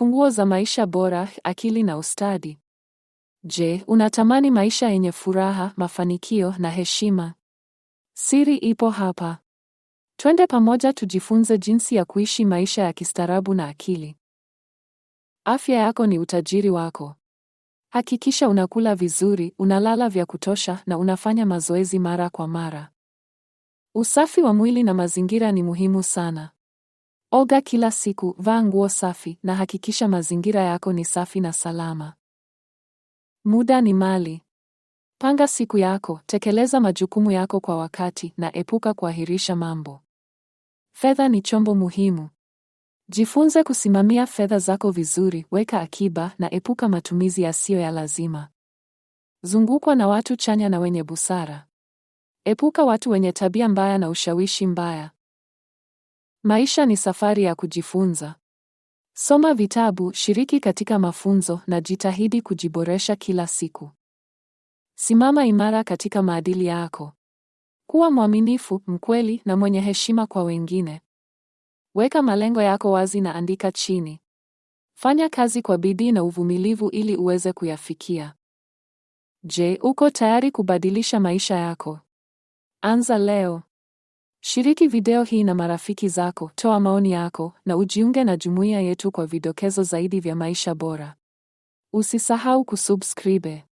Funguo za maisha bora, akili na ustadi. Je, unatamani maisha yenye furaha, mafanikio na heshima? Siri ipo hapa. Twende pamoja tujifunze jinsi ya kuishi maisha ya kistaarabu na akili. Afya yako ni utajiri wako. Hakikisha unakula vizuri, unalala vya kutosha na unafanya mazoezi mara kwa mara. Usafi wa mwili na mazingira ni muhimu sana. Oga kila siku, vaa nguo safi na hakikisha mazingira yako ni safi na salama. Muda ni mali. Panga siku yako, tekeleza majukumu yako kwa wakati na epuka kuahirisha mambo. Fedha ni chombo muhimu. Jifunze kusimamia fedha zako vizuri, weka akiba na epuka matumizi yasiyo ya lazima. Zungukwa na watu chanya na wenye busara. Epuka watu wenye tabia mbaya na ushawishi mbaya. Maisha ni safari ya kujifunza. Soma vitabu, shiriki katika mafunzo na jitahidi kujiboresha kila siku. Simama imara katika maadili yako. Kuwa mwaminifu, mkweli na mwenye heshima kwa wengine. Weka malengo yako wazi na andika chini. Fanya kazi kwa bidii na uvumilivu ili uweze kuyafikia. Je, uko tayari kubadilisha maisha yako? Anza leo. Shiriki video hii na marafiki zako, toa maoni yako na ujiunge na jumuiya yetu kwa vidokezo zaidi vya maisha bora. Usisahau kusubscribe.